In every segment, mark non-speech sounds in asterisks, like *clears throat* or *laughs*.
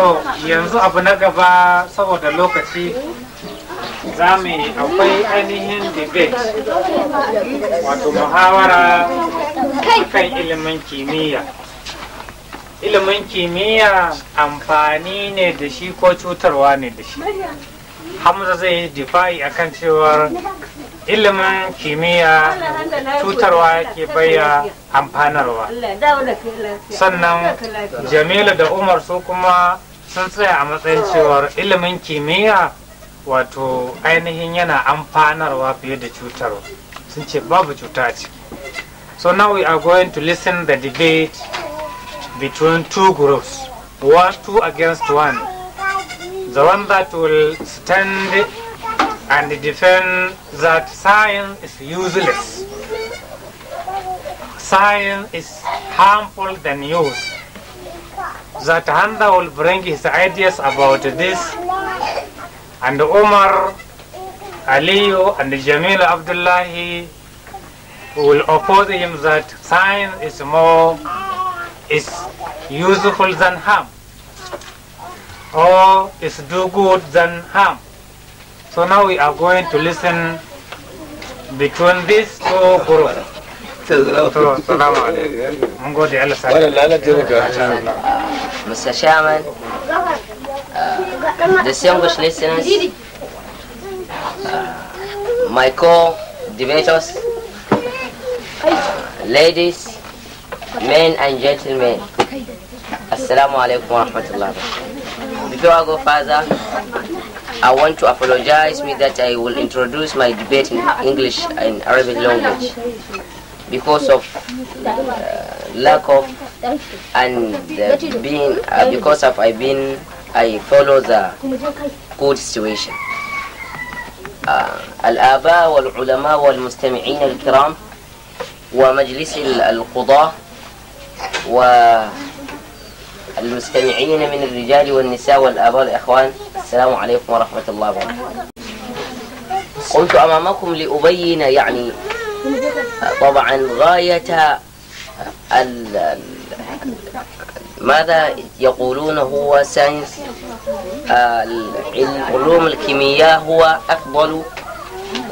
to yanzu abu na gaba saboda lokaci za mu akwai ainihin debate wato muhawara kan ilimin kimiyya ilimin kimiyya amfani ne da shi ko cutarwa ne da shi hamza zai yi difa'i akan cewar ilimin kimiyya cutarwa ke bayya amfanarwa sannan jamilu da umar su kuma sun tsaya a matsayin oh. cewar ilimin kimiyya wato ainihin yana amfanarwa fiye da cutar sun ce babu cuta a ciki so now we are going to listen the debate between two groups one two against one the one that will stand and defend that science is useless science is harmful than use that Handa will bring his ideas about this and Omar, Aliyu and Jamil Abdullahi will oppose him that science is more is useful than harm or is do good than harm. So now we are going to listen between these two groups. Mr. Chairman uh, distinguished listeners uh, my co-debaters uh, ladies men and gentlemen assalamu alaikum warahmatullahi before I go further I want to apologize me that I will introduce my debate in English and Arabic language because of uh, lack of and uh, being uh, because of I been I follow the good situation. الآباء والعلماء والمستمعين الكرام ومجلس القضاة والمستمعين من الرجال والنساء والآباء والإخوان السلام عليكم ورحمة الله وبركاته قمت أمامكم لأبين يعني طبعا غاية ال ماذا يقولون هو ساينس آه، علوم الكيمياء هو أفضل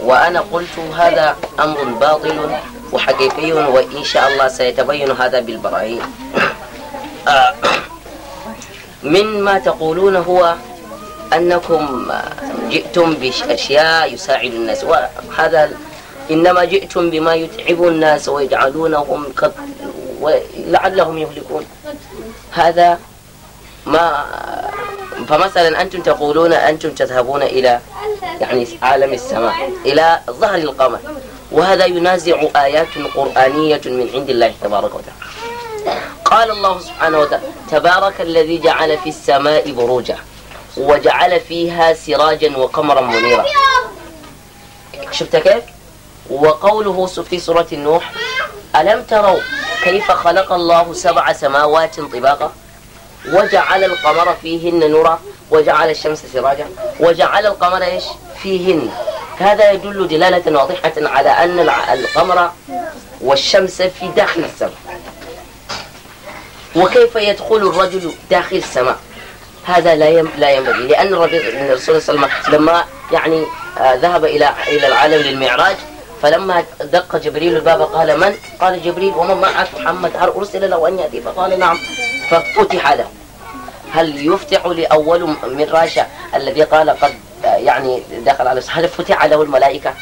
وأنا قلت هذا أمر باطل وحقيقي وإن شاء الله سيتبين هذا بالبراهين آه، من ما تقولون هو أنكم جئتم بأشياء يساعد الناس وهذا إنما جئتم بما يتعب الناس ويجعلونهم كط... لعلهم يهلكون هذا ما فمثلا أنتم تقولون أنتم تذهبون إلى يعني عالم السماء إلى ظهر القمر وهذا ينازع آيات قرآنية من عند الله تبارك وتعالى قال الله سبحانه وتعالى تبارك الذي جعل في السماء بروجا وجعل فيها سراجا وقمرا منيرا شفت كيف؟ وقوله في سورة النوح ألم تروا كيف خلق الله سبع سماوات طباقا وجعل القمر فيهن نورا وجعل الشمس سراجا وجعل القمر ايش فيهن هذا يدل دلالة واضحة على أن القمر والشمس في داخل السماء وكيف يدخل الرجل داخل السماء هذا لا لا ينبغي لأن الرسول صلى الله عليه وسلم لما يعني آه، ذهب إلى إلى العالم للمعراج فلما دق جبريل الباب قال من؟ قال جبريل ومن معك محمد هل أرسل له أن يأتي؟ فقال نعم ففتح له هل يفتح لأول من راشا الذي قال قد يعني دخل على هل فتح له الملائكة؟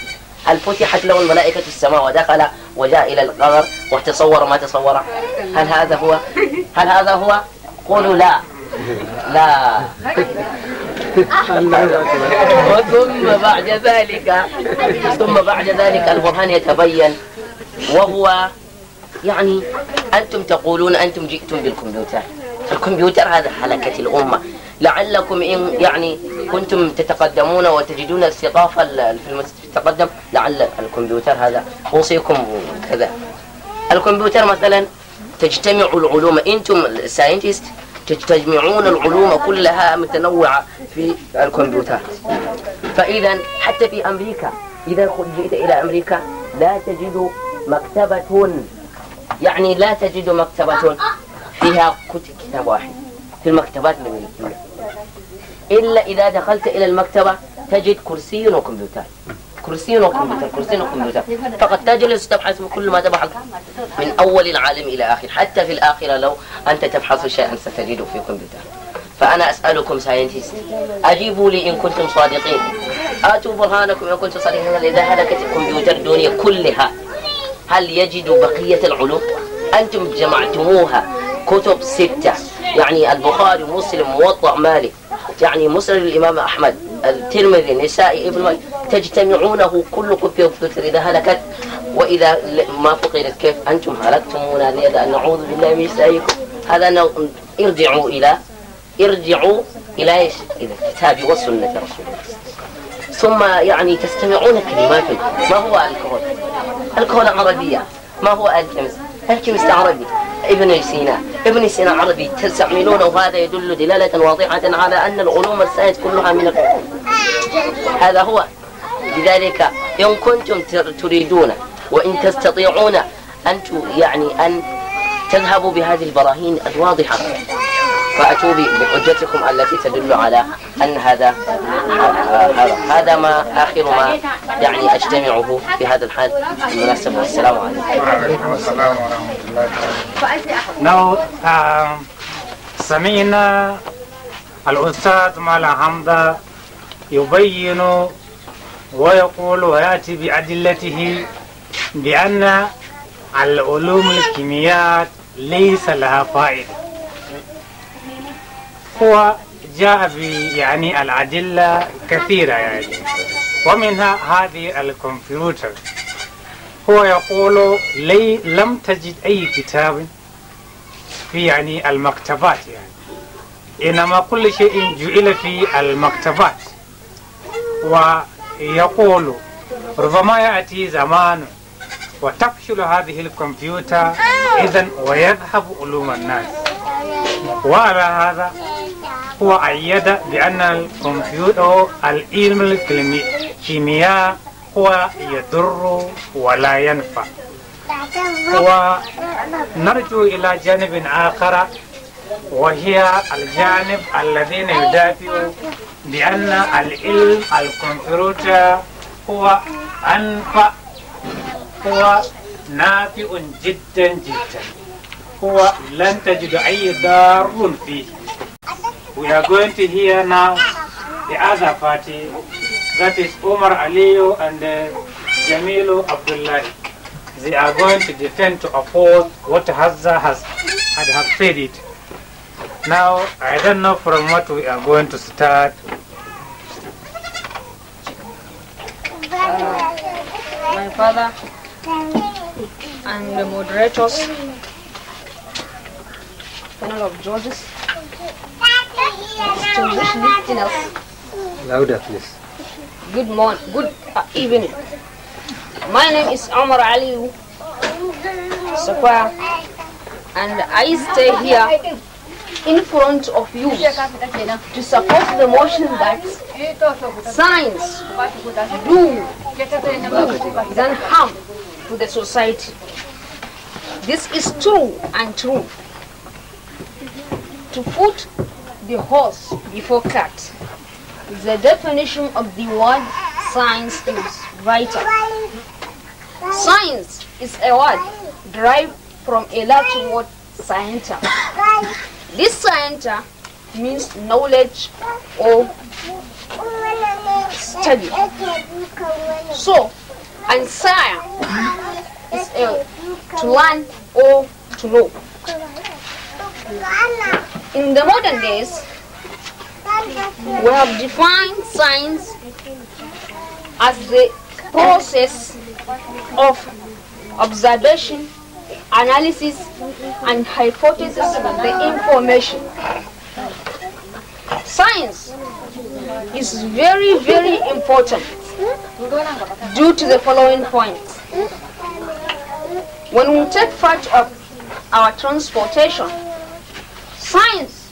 هل فتحت له الملائكة السماء ودخل وجاء إلى القمر وتصور ما تصوره هل هذا هو هل هذا هو قولوا لا لا وثم بعد ذلك ثم بعد ذلك البرهان يتبين وهو يعني أنتم تقولون أنتم جئتم بالكمبيوتر الكمبيوتر هذا حلكة الأمة لعلكم إن يعني كنتم تتقدمون وتجدون الثقافة في التقدم لعل الكمبيوتر هذا أوصيكم كذا الكمبيوتر مثلا تجتمع العلوم أنتم ساينتست تجمعون العلوم كلها متنوعة في الكمبيوتر فإذا حتى في أمريكا إذا جئت إلى أمريكا لا تجد مكتبة يعني لا تجد مكتبة فيها كتاب واحد في المكتبات الأمريكية إلا إذا دخلت إلى المكتبة تجد كرسي وكمبيوتر كرسي وكمبيوتر آه، كرسي وكمبيوتر فقد تجلس تبحث كل ما تبحث من أول العالم إلى آخر حتى في الآخرة لو أنت تبحث شيئا ستجده في كمبيوتر فأنا أسألكم ساينتيست أجيبوا لي إن كنتم صادقين آتوا برهانكم إن كنتم صادقين إذا هلكت الكمبيوتر الدنيا كلها هل يجد بقية العلوم؟ أنتم جمعتموها كتب ستة يعني البخاري ومسلم موطأ مالك يعني مسلم الإمام أحمد الترمذي النسائي ابن مالك تجتمعونه كل في الذكر إذا هلكت وإذا ما فقدت كيف أنتم هلكتمونا لذا نعوذ بالله من شركم هذا نو... ارجعوا إلى ارجعوا إلى إيش؟ إلى الكتاب والسنة رسول الله ثم يعني تستمعون كلمات ما هو الكحول؟ الكهول الكهول عربيه ما هو الكيمس؟ الكيمس عربي ابن سينا ابن سينا عربي تستعملونه وهذا يدل دلالة واضحة على أن العلوم السائد كلها من الكهول هذا هو لذلك إن كنتم تريدون وإن تستطيعون أن يعني أن تذهبوا بهذه البراهين الواضحة فأتوا بحجتكم التي تدل على أن هذا هذا ما آخر ما يعني أجتمعه في هذا الحال بالمناسبة والسلام عليكم وعليكم السلام ورحمة الله Now, سمعنا الأستاذ مالا حمدا يبين ويقول ويأتي بأدلته بأن العلوم الكيميات ليس لها فائدة هو جاء يعني الأدلة كثيرة يعني ومنها هذه الكمبيوتر هو يقول لي لم تجد أي كتاب في يعني المكتبات يعني إنما كل شيء جعل في المكتبات و يقول ربما يأتي زمان وتفشل هذه الكمبيوتر إذا ويذهب علوم الناس وعلى هذا هو أيد بأن الكمبيوتر العلم الكيمياء هو يضر ولا ينفع ونرجو إلى جانب آخر وهي الجانب الذين يدافع لأن العلم الكمبيوتر هو أنفع هو نافع جدا جدا هو لن تجد أي فيه We are going to hear now the other party that is Omar Aliyu and uh, Jamilu Abdullahi. They are going to defend to oppose what Hazza has had have said it. Now, I don't know from what we are going to start my father and the moderators, panel of judges, distinguished listeners. Louder, please. Good morning, good uh, evening. My name is Omar Ali Sakwa, and I stay here in front of you to support the motion that science do than harm to the society. This is true and true. To put the horse before cat is the definition of the word science is vital. Science is a word derived from a Latin word scienta, this center means knowledge or study. So, science is a, to learn or to know. In the modern days, we have defined science as the process of observation analysis, and hypothesis of the information. Science is very, very important due to the following points. When we take part of our transportation, science,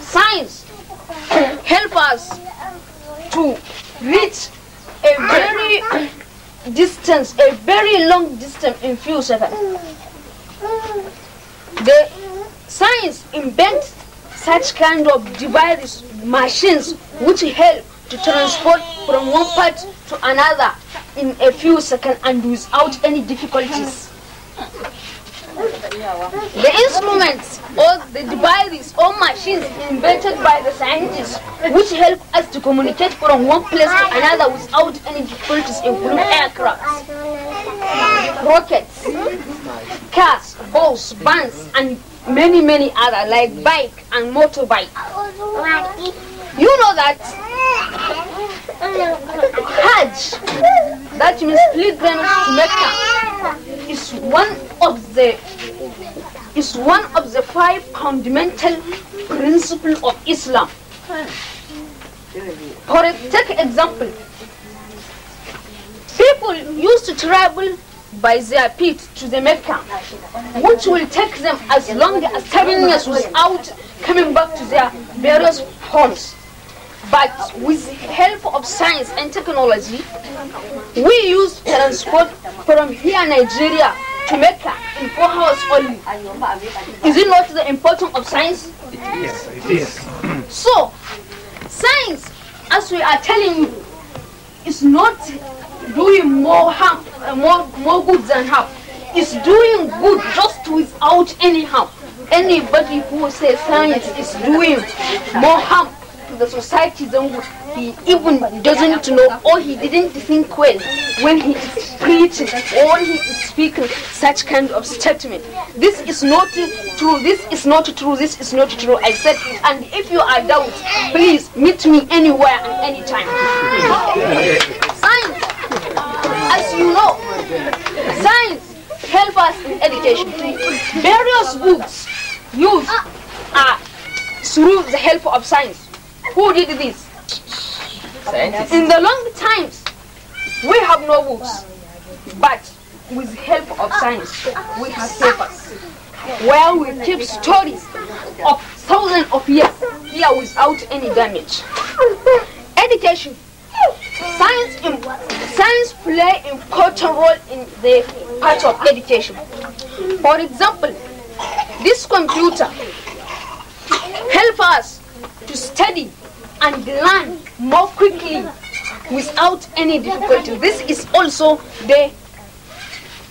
science help us to reach a very distance, a very long distance in few seconds. The science invent such kind of devices, machines, which help to transport from one part to another in a few seconds and without any difficulties. The instruments or the devices or machines invented by the scientists which help us to communicate from one place to another without any difficulties include aircrafts, rockets, cars, boats, vans and many many other like bike and motorbike. You know that Hajj, that means pilgrimage to Mecca, is one the is one of the five fundamental principles of Islam. For a, take example, people used to travel by their feet to the Mecca, which will take them as long as seven years without coming back to their various homes. But with help of science and technology, we use transport from here, Nigeria, to Mecca in four hours only. Is it not the importance of science? It is, it *clears throat* is. so, science, as we are telling you, is not doing more harm, uh, more, more good than harm. It's doing good just without any harm. Anybody who says science is doing more harm to the society than good, he even doesn't know or he didn't think well when he is preaching or he is speaking such kind of statement. This is not true. This is not true. This is not true. I said, and if you are doubt, please meet me anywhere and anytime. Science, as you know, science help us in education. Various books used are through the help of science. Who did this? Scientists. In the long times, we have no books. But with help of science, we have papers where we keep stories of thousands of years here without any damage. Education. Science, in, science play important role in the part of education. For example, this computer help us to study and learn more quickly without any difficulty. This is also the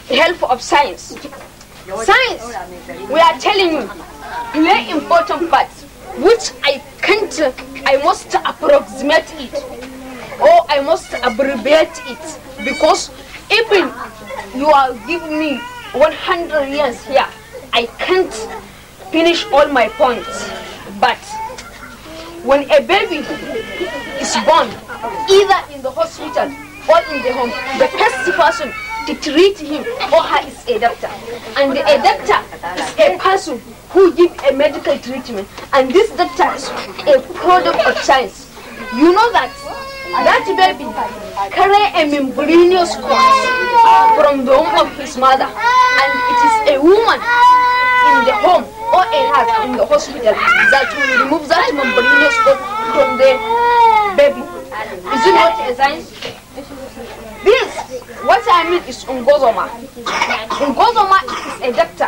help of science. Science, we are telling you, play important part, which I can't, I must approximate it, or I must abbreviate it, because even you are giving me 100 years here, I can't finish all my points. But when a baby is born, either in the hospital or in the home, the first person to treat him or her is a doctor. And a doctor is a person who gives a medical treatment. And this doctor is a product of science. You know that that baby carry a membranous corpse from the womb of his mother. And it is a woman in the home or a nurse in the hospital that will remove that membranous corpse from the baby. Is it not a science? This, what I mean is Ungozoma. Ungozoma is a doctor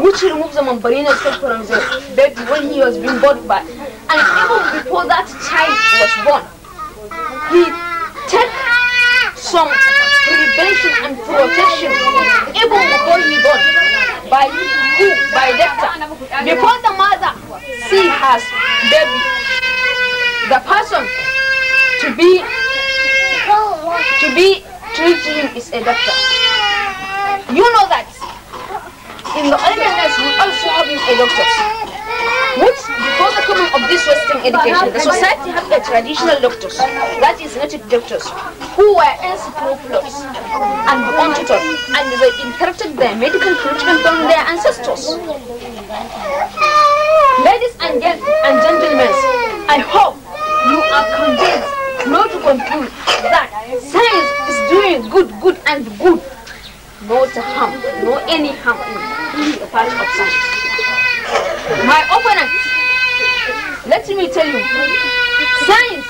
which removes a Mambarina from the baby when he was being born by. And even before that child was born, he took some prevention and protection even before he born by who? By doctor. Before the mother sees has baby, the person to be to be treated to him is a doctor. You know that. In the days, we also have a doctor. Which, before the coming of this Western education, the society had a traditional doctors, that is, native doctors, who were encyclopedists and untutored, and they inherited their medical treatment from their ancestors. Ladies and, and gentlemen, I hope control that science is doing good, good and good. to harm, no any harm in the part of science. My opponent, let me tell you, science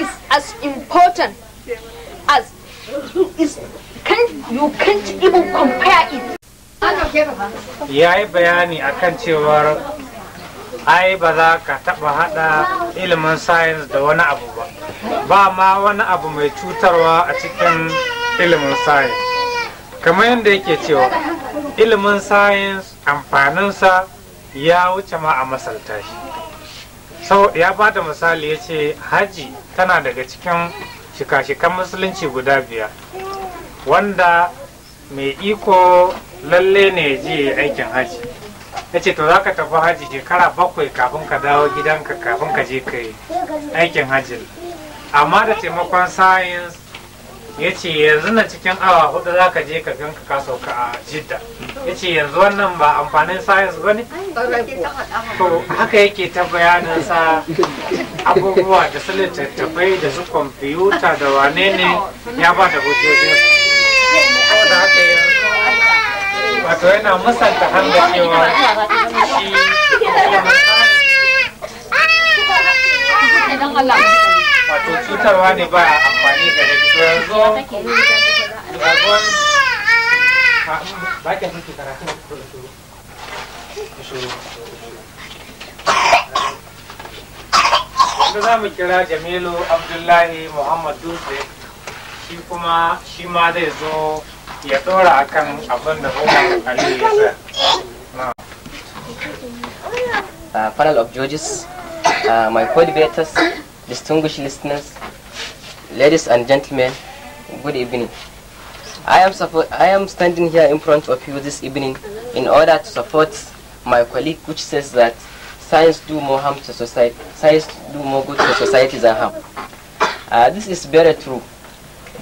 is as important as is can you can't even compare it. Ya yi bayani akan cewar ai ba za ka taɓa haɗa ilimin science da wani abu ba ba ma wani abu mai cutarwa a cikin ilimin science kamar yadda yake cewa ilimin science amfaninsa ya wuce ma a masalta shi sau ya ba da misali ya ce haji tana daga cikin shika-shikan musulunci guda biyar wanda mai iko lalle ne ya je aikin haji yace ce to za ka tafi haji shekara bakwai kafin ka dawo gidanka kafin ka je ka aikin hajji amma da taimakon science ya ce yanzu na cikin awa hudu za ka je ka ganka ka sauka a jidda ya ce yanzu wannan ba amfanin science ba ne to haka yake ta bayanin sa abubuwa da su littattafai da su kwamfuta da wane ne ya ba da hujjojinsu wato yana musanta hanga cewa shi wato cutarwa ne ba amfani da to yanzu yanzu ba ki za mu kira jamilu abdullahi muhammad dutse shi kuma shi ma zai zo ya akan panel *laughs* uh, of judges, uh, my co-debaters, distinguished listeners, ladies and gentlemen, good evening. I am, I am standing here in front of you this evening in order to support my colleague which says that science do more harm to society, science do more good to society than harm. Uh, this is very true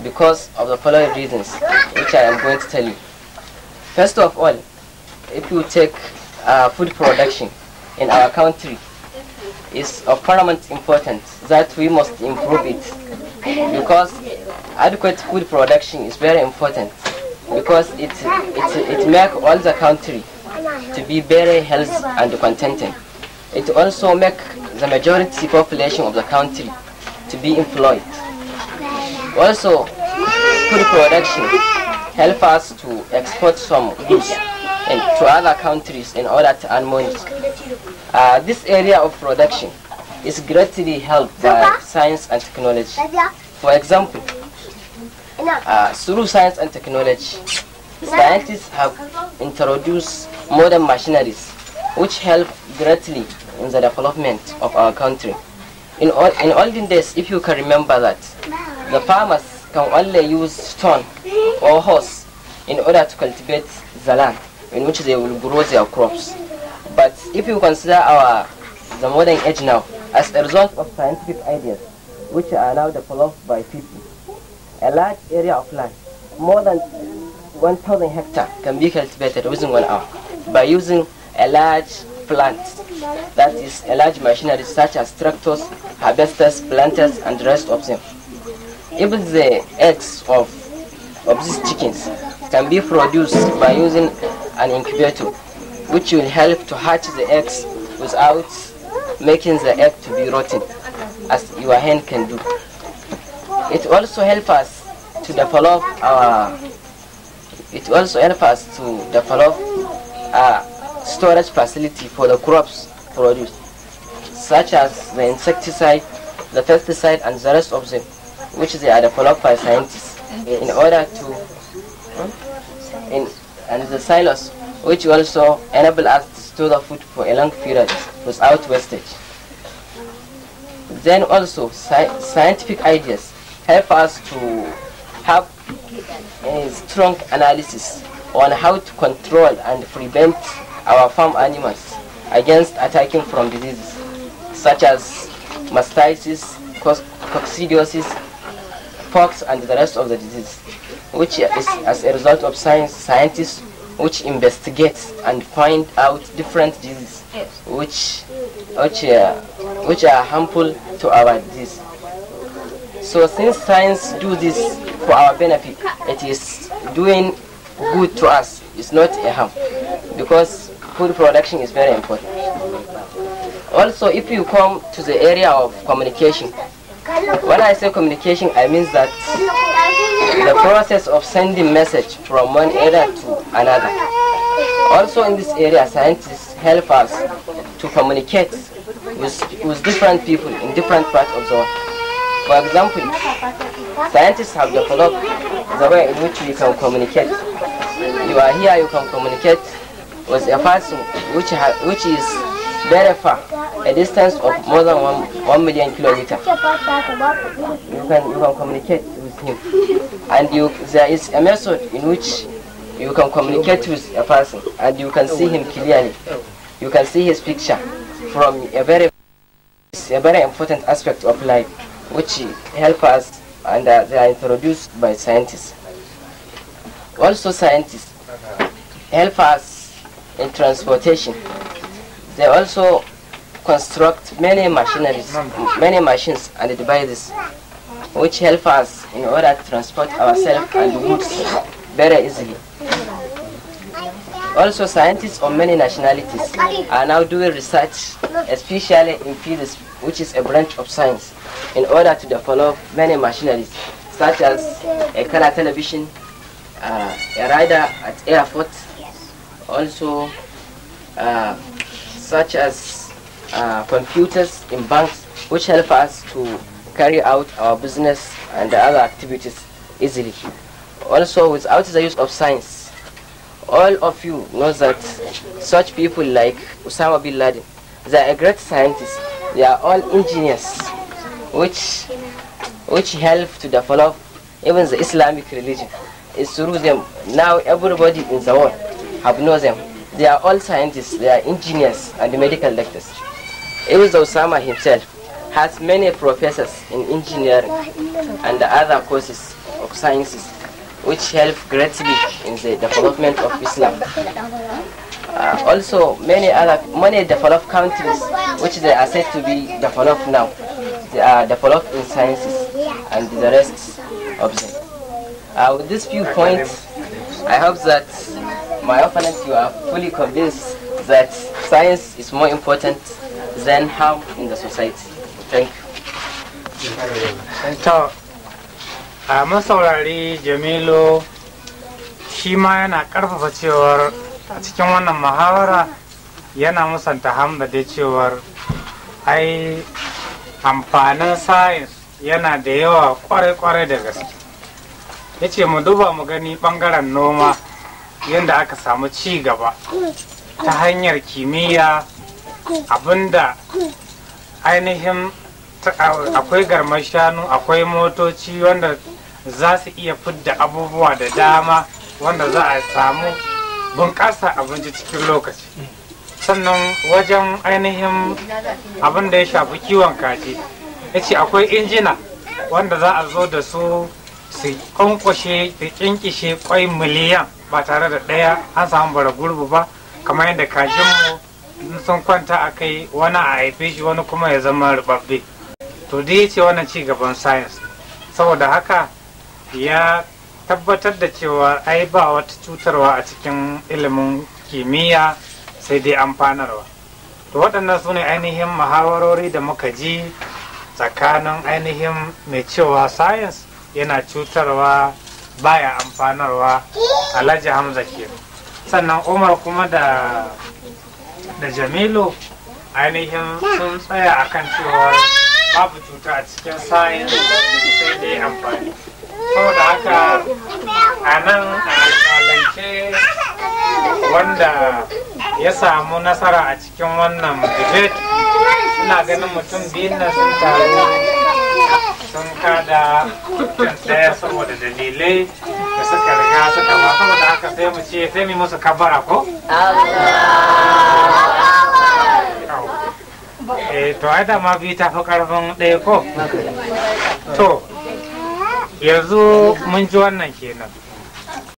because of the following reasons which I am going to tell you. First of all, if you take uh, food production in our country, is of paramount importance that we must improve it because adequate food production is very important because it, it, it makes all the country to be very healthy and contented. It also makes the majority population of the country to be employed. Also, food production help us to export some goods and to other countries in order to earn money. Uh, this area of production is greatly helped by science and technology. For example, uh, through science and technology, scientists have introduced modern machineries which help greatly in the development of our country. In, all, in olden days, if you can remember that, the farmers can only use stone or horse in order to cultivate the land in which they will grow their crops. But if you consider our the modern age now as a result of scientific ideas which are now developed by people, a large area of land, more than 1,000 hectare, can be cultivated within one hour by using a large plant, that is a large machinery such as tractors, harvesters, planters, and the rest of them. Even the eggs of, of these chickens can be produced by using an incubator, which will help to hatch the eggs without making the egg to be rotten, as your hand can do. It also helps us to develop our. Uh, it also helps us to develop a uh, storage facility for the crops produced, such as the insecticide, the pesticide, and the rest of them which they are developed by scientists in order to in and the silos which also enable us to store the food for a long period without wastage. Then also sci scientific ideas help us to have a strong analysis on how to control and prevent our farm animals against attacking from diseases such as mastitis, coccidiosis, pox, and the rest of the disease, which is as a result of science, scientists which investigate and find out different diseases which, which, uh, which are harmful to our disease. So since science do this for our benefit, it is doing good to us. It's not a harm because food production is very important. Also, if you come to the area of communication, when I say communication, I mean that the process of sending message from one area to another. Also in this area, scientists help us to communicate with, with different people in different parts of the world. For example, scientists have developed the way in which we can communicate. You are here, you can communicate with a person which, which is very far, a distance of more than one, one million kilometers. You can, you can communicate with him. And you, there is a method in which you can communicate with a person and you can see him clearly. You can see his picture from a very, a very important aspect of life, which help us and uh, they are introduced by scientists. Also scientists help us in transportation. They also construct many machineries, many machines and devices which help us in order to transport ourselves and goods very easily. Also, scientists of many nationalities are now doing research, especially in physics, which is a branch of science, in order to develop many machineries, such as a color television, uh, a rider at airport, also uh, such as uh, computers in banks, which help us to carry out our business and other activities easily. Also, without the use of science, all of you know that such people like Osama bin Laden, they are great scientists. They are all engineers, which which help to develop even the Islamic religion. It's through them. Now everybody in the world have known them. They are all scientists, they are engineers and medical doctors. Even Osama himself has many professors in engineering and other courses of sciences which help greatly in the development of Islam. Uh, also, many other many developed countries which they are said to be developed now, they are developed in sciences and the rest of them. Uh, with these few points, I hope that my opponent, you are fully convinced that science is more important than harm in the society. Thank you. To, a masaurari Jamilu shi ma yana karfafa cewar a cikin wannan muhawara yana musanta hamba da cewar ai amfanin science yana da yawa kwarai-kwarai da gaske. ya ce mu duba mu gani bangaren noma yadda aka samu ci gaba ta hanyar kimiyya abinda ainihin akwai garmar shanu akwai motoci wanda za su iya fidda abubuwa da dama wanda za a samu bunƙasa abinci cikin lokaci sannan wajen ainihin abin da ya shafi kiwon kaji ya ce akwai injina wanda za a zo da su su ƙwanƙwashe da kinkishe kwai miliyan ba tare da ɗaya an samu bara gurbu ba kamar yadda kajinmu sun kwanta a kai wani a haife shi wani kuma ya zama rubabbe to da ya ce wannan cigaban science saboda haka ya tabbatar da cewa ai ba wata cutarwa a cikin ilimin kimiyya sai dai amfanarwa to waɗannan su ne ainihin muhawarori da muka ji tsakanin ainihin mai cewa science yana cutarwa baya amfanarwa alhaji hamza ke sannan umar kuma da jamilu ainihin sun tsaya a kan cewa babu cuta a cikin sayin sai dai amfani saboda haka a nan a alƙalance wanda ya samu nasara a cikin wannan debate suna ganin mutum biyun na sun taru sun kada ɗaya saboda dalilai da suka riga suka ba da haka sai mu ce sai mu musu kabara ko? Eh to ai biyu ta fi karfin ɗaya ko? To yanzu mun ji wannan kenan.